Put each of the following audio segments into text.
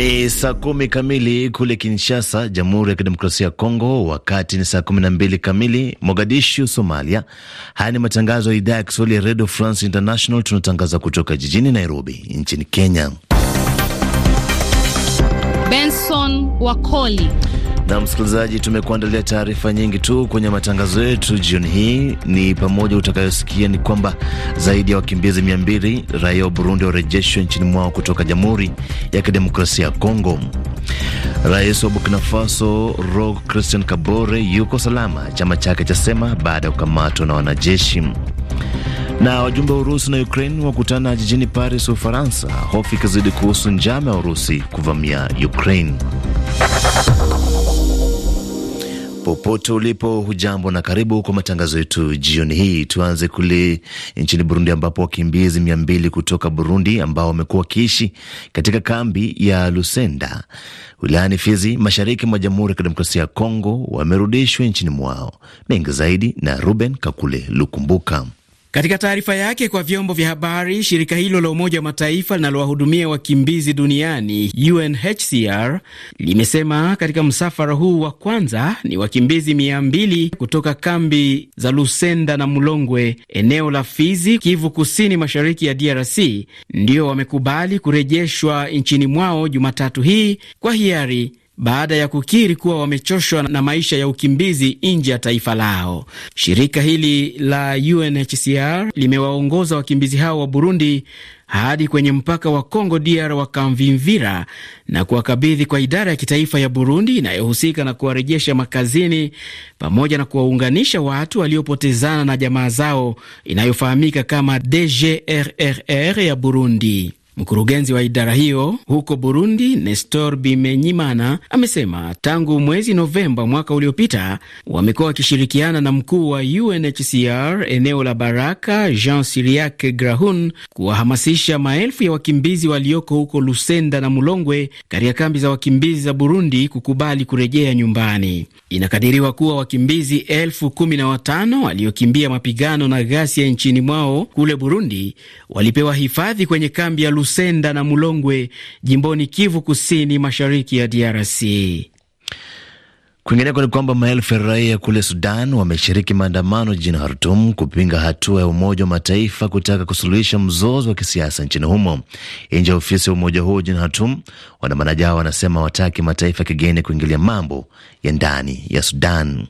Ni saa kumi kamili kule Kinshasa, Jamhuri ya Kidemokrasia ya Kongo, wakati ni saa kumi na mbili kamili Mogadishu, Somalia. Haya ni matangazo ya idhaa ya Kiswahili ya Radio France International. Tunatangaza kutoka jijini Nairobi nchini Kenya. Benson Wakoli na msikilizaji, tumekuandalia taarifa nyingi tu kwenye matangazo yetu jioni hii. Ni pamoja utakayosikia ni kwamba zaidi ya wakimbizi 200 raia wa Burundi warejeshwa nchini mwao kutoka Jamhuri ya Kidemokrasia ya Kongo. Rais wa Burkina Faso Roch Christian Kabore yuko salama, chama chake chasema baada ya kukamatwa na wanajeshi. Na wajumbe wa Urusi na Ukraine wakutana jijini Paris, Ufaransa, hofu ikizidi kuhusu njama ya Urusi kuvamia Ukraine. Popote ulipo hujambo na karibu kwa matangazo yetu jioni hii. Tuanze kule nchini Burundi, ambapo wakimbizi mia mbili kutoka Burundi ambao wamekuwa wakiishi katika kambi ya Lusenda wilayani Fizi, mashariki mwa Jamhuri ya Kidemokrasia ya Kongo, wamerudishwa nchini mwao. Mengi zaidi na Ruben Kakule Lukumbuka. Katika taarifa yake kwa vyombo vya habari, shirika hilo la Umoja wa Mataifa linalowahudumia wakimbizi duniani UNHCR limesema katika msafara huu wa kwanza ni wakimbizi 200 kutoka kambi za Lusenda na Mulongwe, eneo la Fizi, Kivu Kusini, mashariki ya DRC, ndio wamekubali kurejeshwa nchini mwao Jumatatu hii kwa hiari baada ya kukiri kuwa wamechoshwa na maisha ya ukimbizi nje ya taifa lao. Shirika hili la UNHCR limewaongoza wakimbizi hao wa Burundi hadi kwenye mpaka wa Congo DR wa Kamvimvira na kuwakabidhi kwa idara ya kitaifa ya Burundi inayohusika na kuwarejesha makazini pamoja na kuwaunganisha watu waliopotezana na jamaa zao inayofahamika kama DGRRR ya Burundi. Mkurugenzi wa idara hiyo huko Burundi, Nestor Bimenyimana, amesema tangu mwezi Novemba mwaka uliopita wamekuwa wakishirikiana na mkuu wa UNHCR eneo la Baraka, Jean Siriac Grahun, kuwahamasisha maelfu ya wakimbizi walioko huko Lusenda na Mulongwe katika kambi za wakimbizi za Burundi kukubali kurejea nyumbani. Inakadiriwa kuwa wakimbizi elfu kumi na watano waliokimbia mapigano na ghasia nchini mwao kule Burundi walipewa hifadhi kwenye kambi ya Lusenda Lusenda na Mulongwe jimboni Kivu Kusini, mashariki ya DRC. Kwingineko ni kwamba maelfu ya raia kule Sudan wameshiriki maandamano jijini Khartoum kupinga hatua ya Umoja wa Mataifa kutaka kusuluhisha mzozo wa kisiasa nchini humo. Nje ya ofisi ya umoja huo jijini Khartoum, waandamanaji hao wanasema wataki mataifa ya kigeni kuingilia mambo ya ndani ya Sudan.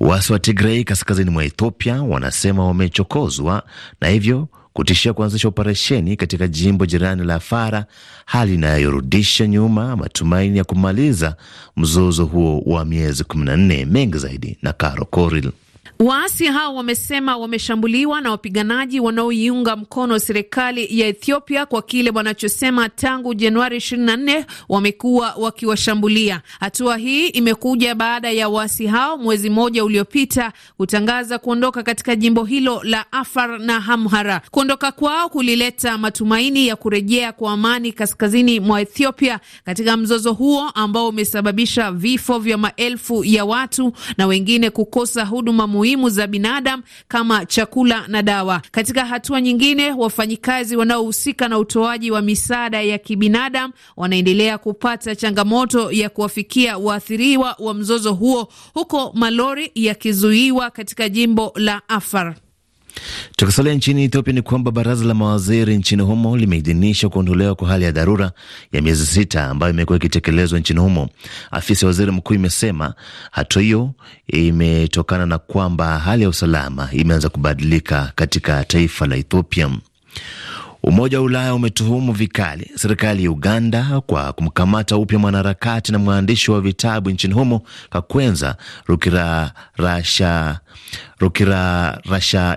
Waasi wa Tigrei kaskazini mwa Ethiopia wanasema wamechokozwa na hivyo kutishia kuanzisha operesheni katika jimbo jirani la Afara, hali inayorudisha nyuma matumaini ya kumaliza mzozo huo wa miezi 14. Mengi zaidi na Karo Koril. Waasi hao wamesema wameshambuliwa na wapiganaji wanaoiunga mkono serikali ya Ethiopia kwa kile wanachosema tangu Januari 24 wamekuwa wakiwashambulia. Hatua hii imekuja baada ya waasi hao mwezi mmoja uliopita kutangaza kuondoka katika jimbo hilo la Afar na hamhara Kuondoka kwao kulileta matumaini ya kurejea kwa amani kaskazini mwa Ethiopia katika mzozo huo ambao umesababisha vifo vya maelfu ya watu na wengine kukosa huduma muhimu muhimu za binadamu kama chakula na dawa. Katika hatua nyingine, wafanyikazi wanaohusika na utoaji wa misaada ya kibinadamu wanaendelea kupata changamoto ya kuwafikia waathiriwa wa mzozo huo, huko malori yakizuiwa katika jimbo la Afar. Tukisalia nchini Ethiopia ni kwamba baraza la mawaziri nchini humo limeidhinisha kuondolewa kwa hali ya dharura ya miezi sita ambayo imekuwa ikitekelezwa nchini humo. Afisi ya waziri mkuu imesema hatua hiyo imetokana na kwamba hali ya usalama imeanza kubadilika katika taifa la Ethiopia. Umoja wa Ulaya umetuhumu vikali serikali ya Uganda kwa kumkamata upya mwanaharakati na mwandishi wa vitabu nchini humo Kakwenza Rukirarashaija Rukira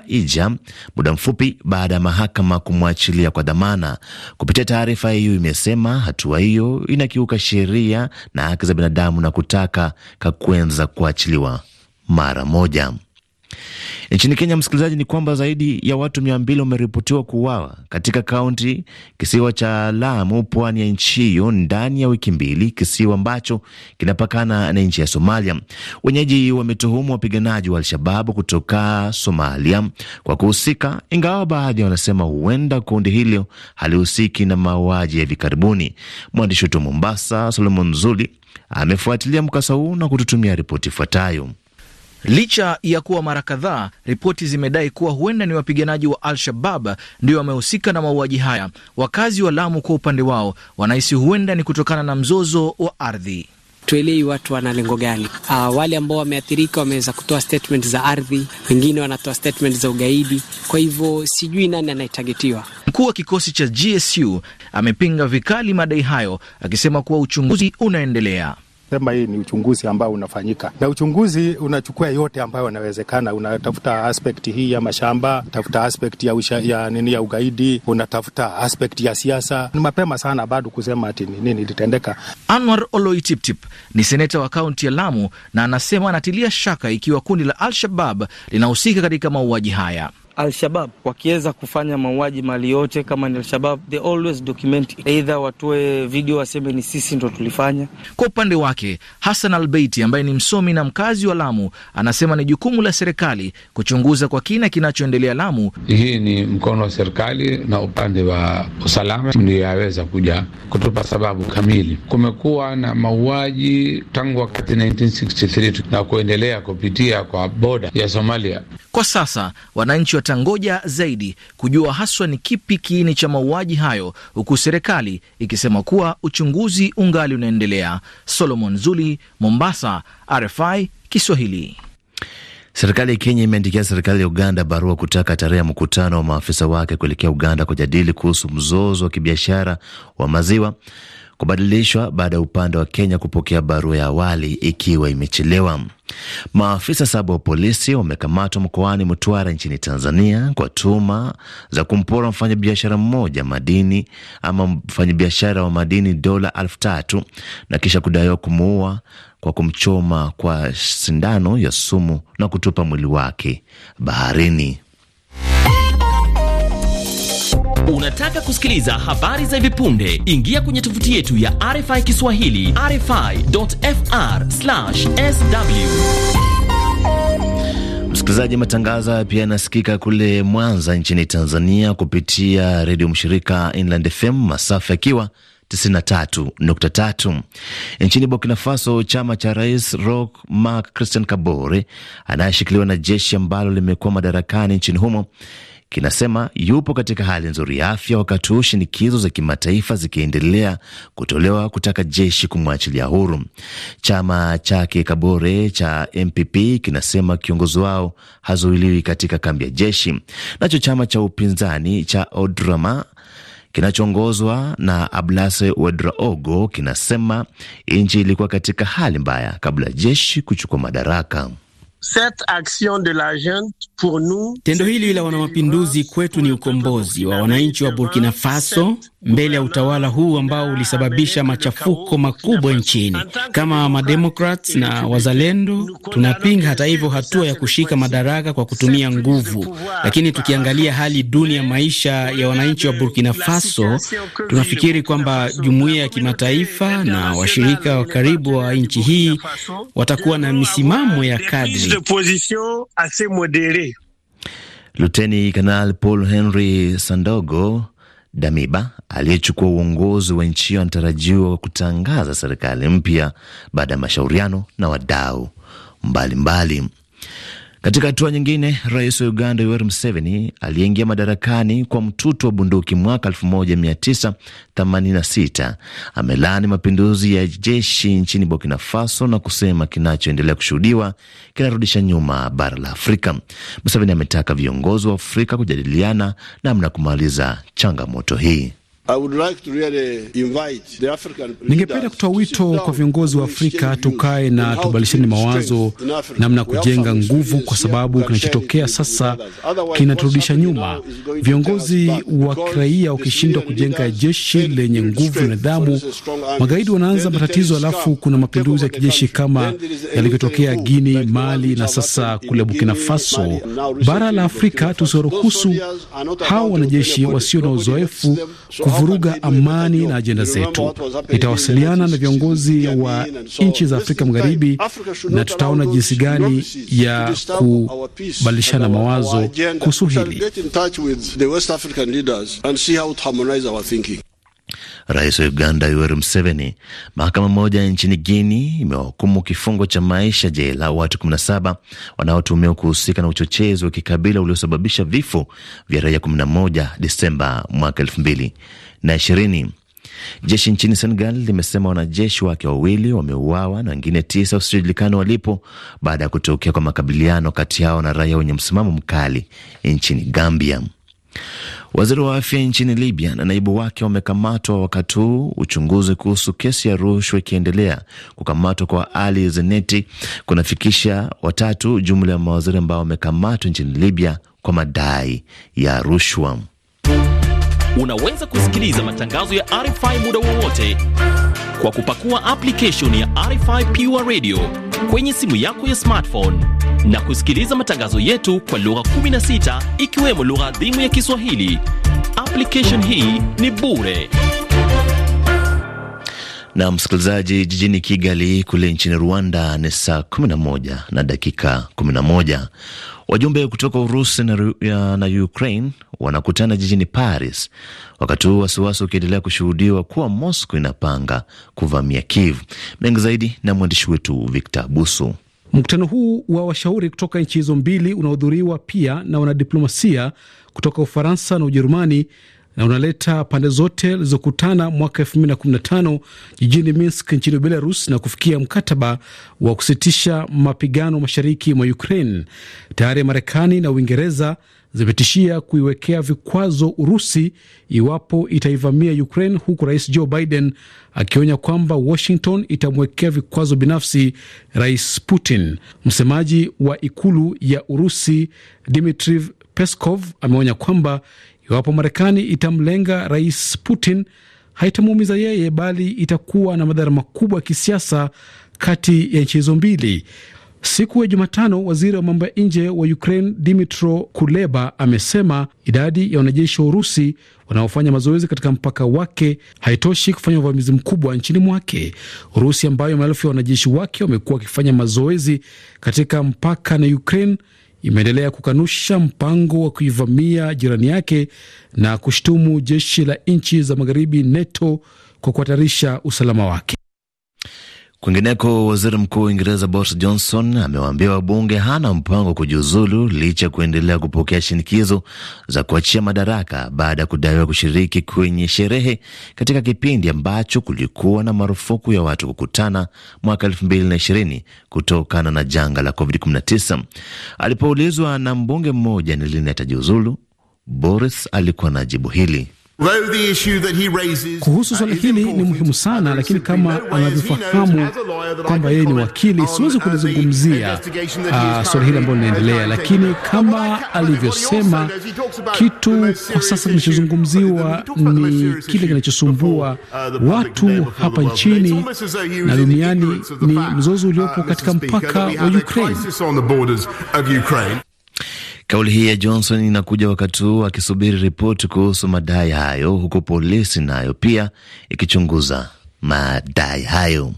muda mfupi baada ya mahakama kumwachilia kwa dhamana. Kupitia taarifa hiyo, imesema hatua hiyo inakiuka sheria na haki za binadamu na kutaka Kakwenza kuachiliwa mara moja. Nchini Kenya, msikilizaji, ni kwamba zaidi ya watu mia mbili wameripotiwa kuuawa katika kaunti kisiwa cha Lamu, pwani ya nchi hiyo, ndani ya wiki mbili, kisiwa ambacho kinapakana na nchi ya Somalia. Wenyeji wametuhumu wapiganaji wa Alshababu kutoka Somalia kwa kuhusika, ingawa baadhi wanasema huenda kundi hilo halihusiki na mauaji ya hivi karibuni. Mwandishi wetu Mombasa, Solomon Zuli, amefuatilia mkasa huu na kututumia ripoti ifuatayo. Licha ya kuwa mara kadhaa ripoti zimedai kuwa huenda ni wapiganaji wa Al-Shabab ndio wamehusika na mauaji haya, wakazi wa Lamu kwa upande wao wanahisi huenda ni kutokana na mzozo wa ardhi. Tuelewi watu wana lengo gani? Uh, wale ambao wameathirika wameweza kutoa statement za ardhi, wengine wanatoa statement za ugaidi. Kwa hivyo sijui nani anayetagetiwa. Mkuu wa kikosi cha GSU amepinga vikali madai hayo akisema kuwa uchunguzi unaendelea sema hii ni uchunguzi ambao unafanyika, na uchunguzi unachukua yote ambayo yanawezekana. Unatafuta aspect hii ya mashamba, tafuta aspect ya, usha, ya nini ya ugaidi, unatafuta aspect ya siasa. Ni mapema sana bado kusema ati ni nini litendeka Anwar Oloitiptip ni seneta wa kaunti ya Lamu na anasema anatilia shaka ikiwa kundi la Al-Shabab linahusika katika mauaji haya. Alshabab wakiweza kufanya mauaji mali yote, kama ni Alshabab they always document it, either watoe video waseme ni sisi ndo tulifanya. Kwa upande wake Hassan Albeiti ambaye ni msomi na mkazi wa Lamu anasema ni jukumu la serikali kuchunguza kwa kina kinachoendelea Lamu. Hii ni mkono wa serikali na upande wa usalama ndio yaweza kuja kutupa sababu kamili. Kumekuwa na mauaji tangu wakati 1963 na kuendelea kupitia kwa boda ya Somalia. Kwa sasa wananchi watangoja zaidi kujua haswa ni kipi kiini cha mauaji hayo, huku serikali ikisema kuwa uchunguzi ungali unaendelea. Solomon Zuli, Mombasa, RFI Kiswahili. Serikali ya Kenya imeandikia serikali ya Uganda barua kutaka tarehe ya mkutano wa maafisa wake kuelekea Uganda kujadili kuhusu mzozo wa kibiashara wa maziwa kubadilishwa baada ya upande wa Kenya kupokea barua ya awali ikiwa imechelewa. Maafisa saba wa polisi wamekamatwa mkoani Mtwara nchini Tanzania kwa tuhuma za kumpora mfanyabiashara mmoja madini ama mfanyabiashara wa madini dola elfu tatu na kisha kudaiwa kumuua kwa kumchoma kwa sindano ya sumu na kutupa mwili wake baharini. Unataka kusikiliza habari za hivi punde? Ingia kwenye tovuti yetu ya RFI Kiswahili, rfi.fr/sw. Msikilizaji, matangazo haya pia yanasikika kule Mwanza nchini Tanzania kupitia redio mshirika Inland FM, masafa yakiwa 93.3. Nchini Burkina Faso, chama cha rais Roch Marc Christian Kabore anayeshikiliwa na jeshi ambalo limekuwa madarakani nchini humo kinasema yupo katika hali nzuri ya afya, wakati huu shinikizo za kimataifa zikiendelea kutolewa kutaka jeshi kumwachilia huru. Chama chake Kabore cha MPP kinasema kiongozi wao hazuiliwi katika kambi ya jeshi. Nacho chama cha upinzani cha Odrama kinachoongozwa na Ablase Wedraogo kinasema nchi ilikuwa katika hali mbaya kabla ya jeshi kuchukua madaraka. Tendo hili la wanamapinduzi kwetu ni ukombozi wa wananchi wa Burkina Faso mbele ya utawala huu ambao ulisababisha machafuko makubwa nchini. Kama mademokrat na wazalendo, tunapinga hata hivyo hatua ya kushika madaraka kwa kutumia nguvu, lakini tukiangalia hali duni ya maisha ya wananchi wa Burkina Faso, tunafikiri kwamba jumuiya ya kimataifa na washirika wa karibu wa nchi hii watakuwa na misimamo ya kadri. Luteni Kanal Paul Henry Sandogo Damiba aliyechukua uongozi wa nchi hiyo anatarajiwa kutangaza serikali mpya baada ya mashauriano na wadau mbalimbali. Katika hatua nyingine, rais wa Uganda Yoweri Museveni aliyeingia madarakani kwa mtutu wa bunduki mwaka 1986 amelaani mapinduzi ya jeshi nchini Burkina Faso na kusema kinachoendelea kushuhudiwa kinarudisha nyuma bara la Afrika. Museveni ametaka viongozi wa Afrika kujadiliana namna ya kumaliza changamoto hii ningependa kutoa wito kwa viongozi wa Afrika, tukae na tubadilishane mawazo namna kujenga nguvu, kwa sababu kinachotokea sasa kinaturudisha nyuma. Viongozi wa kiraia wakishindwa kujenga jeshi lenye nguvu na nidhamu, magaidi wanaanza matatizo, alafu kuna mapinduzi ya kijeshi kama yalivyotokea Guini, Mali na sasa kule Burkina Faso. Bara la Afrika tusiwaruhusu hao wanajeshi wasio na uzoefu kuvuruga amani na ajenda zetu. Nitawasiliana na viongozi wa nchi za Afrika Magharibi na tutaona jinsi gani ya kubadilishana mawazo kuhusu hili. Rais wa Uganda Yoweri Museveni. Mahakama moja nchini Guini imewahukumu kifungo cha maisha jela watu 17 wanaotumiwa kuhusika na uchochezi wa kikabila uliosababisha vifo vya raia 11 Desemba mwaka Jeshi nchini Senegal limesema wanajeshi wake wawili wameuawa na wengine tisa wasiojulikana walipo baada ya kutokea kwa makabiliano kati yao na raia wenye msimamo mkali nchini Gambia. Waziri wa afya nchini Libya na naibu wake wamekamatwa wakati huu uchunguzi kuhusu kesi ya rushwa ikiendelea. Kukamatwa kwa Ali Zeneti kunafikisha watatu jumla ya mawaziri ambao wamekamatwa nchini Libya kwa madai ya rushwa. Unaweza kusikiliza matangazo ya RFI muda wowote kwa kupakua application ya RFI Pure Radio kwenye simu yako ya smartphone na kusikiliza matangazo yetu kwa lugha 16 ikiwemo lugha adhimu ya Kiswahili. Application hii ni bure na msikilizaji, jijini Kigali kule nchini Rwanda ni saa 11 na dakika 11. Wajumbe kutoka Urusi na, na Ukraine wanakutana jijini Paris, wakati huu wasiwasi ukiendelea kushuhudiwa kuwa Moscow inapanga kuvamia Kiev. Mengi zaidi na mwandishi wetu Victor Busu. Mkutano huu wa washauri kutoka nchi hizo mbili unahudhuriwa pia na wanadiplomasia kutoka Ufaransa na Ujerumani na unaleta pande zote zilizokutana mwaka 2015 jijini Minsk nchini Belarus na kufikia mkataba wa kusitisha mapigano mashariki mwa Ukraine. Tayari Marekani na Uingereza zimetishia kuiwekea vikwazo Urusi iwapo itaivamia Ukraine, huku Rais Joe Biden akionya kwamba Washington itamwekea vikwazo binafsi Rais Putin. Msemaji wa ikulu ya Urusi dmitri Peskov ameonya kwamba Iwapo Marekani itamlenga Rais Putin, haitamuumiza yeye, bali itakuwa na madhara makubwa ya kisiasa kati ya nchi hizo mbili. Siku ya Jumatano, waziri wa mambo ya nje wa Ukraine Dimitro Kuleba amesema idadi ya wanajeshi wa Urusi wanaofanya mazoezi katika mpaka wake haitoshi kufanya uvamizi mkubwa nchini mwake. Urusi ambayo maelfu ya wanajeshi wake wamekuwa wakifanya mazoezi katika mpaka na Ukraine imeendelea kukanusha mpango wa kuivamia jirani yake na kushtumu jeshi la nchi za magharibi NATO kwa kuhatarisha usalama wake. Kwingineko, waziri mkuu wa Uingereza Boris Johnson amewaambia wabunge hana mpango wa kujiuzulu licha ya kuendelea kupokea shinikizo za kuachia madaraka baada ya kudaiwa kushiriki kwenye sherehe katika kipindi ambacho kulikuwa na marufuku ya watu kukutana mwaka 2020 kutokana na janga la COVID-19. Alipoulizwa na mbunge mmoja ni lini atajiuzulu, Boris alikuwa na jibu hili. Kuhusu swala uh, hili ni muhimu sana, uh, lakini kama anavyofahamu kwamba yeye ni wakili, siwezi uh, kulizungumzia swala hili ambalo linaendelea, lakini kama alivyosema, kitu kwa sasa kinachozungumziwa ni kile kinachosumbua watu hapa nchini na duniani, ni mzozo uliopo katika mpaka wa Ukraine. Kauli hii ya Johnson inakuja wakati huu akisubiri ripoti kuhusu madai hayo, huku polisi nayo pia ikichunguza madai hayo.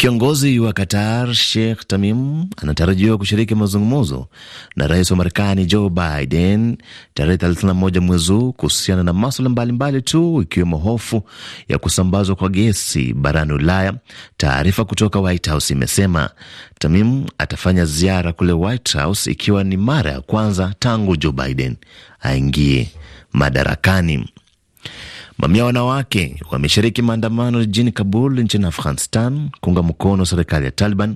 Kiongozi wa Qatar Sheikh Tamim anatarajiwa kushiriki mazungumzo na rais wa Marekani Joe Biden tarehe 31 mwezi huu kuhusiana na maswala mbalimbali tu ikiwemo hofu ya kusambazwa kwa gesi barani Ulaya. Taarifa kutoka White House imesema Tamim atafanya ziara kule White House ikiwa ni mara ya kwanza tangu Joe Biden aingie madarakani. Mamia wanawake wameshiriki maandamano jijini Kabul nchini Afghanistan kuunga mkono serikali ya Taliban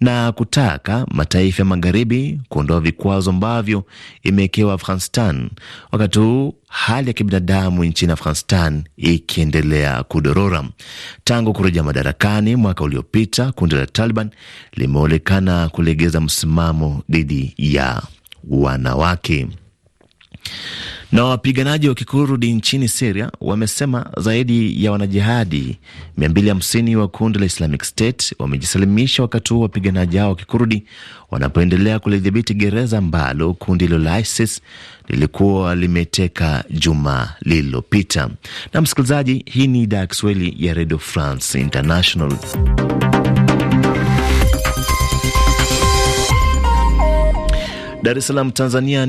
na kutaka mataifa ya magharibi kuondoa vikwazo ambavyo imewekewa Afghanistan, wakati huu hali ya kibinadamu nchini Afghanistan ikiendelea kudorora. Tangu kurejea madarakani mwaka uliopita, kundi la Taliban limeonekana kulegeza msimamo dhidi ya wanawake. Na wapiganaji wa kikurdi nchini Siria wamesema zaidi ya wanajihadi 250 wa kundi la Islamic State wamejisalimisha, wakati huo wapiganaji hao wa kikurdi wanapoendelea kulidhibiti gereza ambalo kundi hilo la ISIS lilikuwa limeteka juma lililopita. Na msikilizaji, hii ni idhaa ya Kiswahili ya Radio France International. Dar es Salaam, Tanzania.